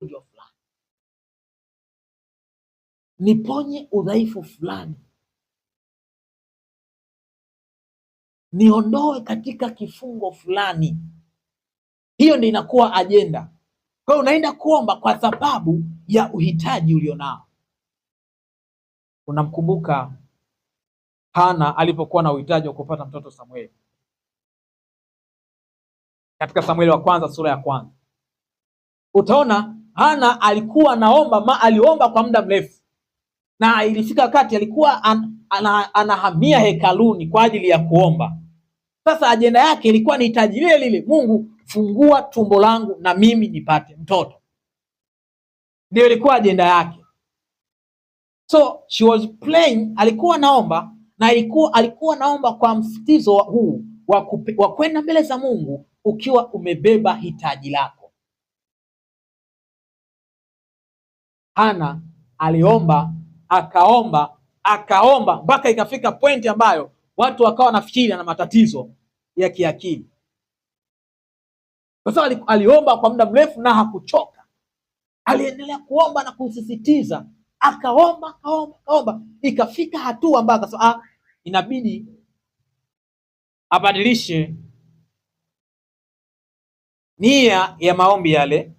ugonjwa fulani, niponye udhaifu fulani, niondoe katika kifungo fulani. Hiyo ndio inakuwa ajenda. Kwa hiyo unaenda kuomba kwa sababu ya uhitaji ulionao. Unamkumbuka Hana alipokuwa na uhitaji wa kupata mtoto Samueli, katika Samueli wa kwanza sura ya kwanza utaona Hana alikuwa naomba ma, aliomba kwa muda mrefu, na ilifika wakati alikuwa an, ana, anahamia hekaluni kwa ajili ya kuomba. Sasa ajenda yake ilikuwa ni hitaji lile lile, Mungu fungua tumbo langu na mimi nipate mtoto, ndio ilikuwa ajenda yake. So she was praying, alikuwa naomba na ilikuwa, alikuwa naomba kwa msitizo huu wa kwenda mbele za Mungu ukiwa umebeba hitaji lako. Hana aliomba akaomba akaomba mpaka ikafika pointi ambayo watu wakawa nafikiri ana matatizo ya kiakili, kwa sababu aliomba kwa muda mrefu na hakuchoka. Aliendelea kuomba na kusisitiza, akaomba akaomba akaomba, ikafika hatua ambayo akasema ah, inabidi abadilishe nia ya maombi yale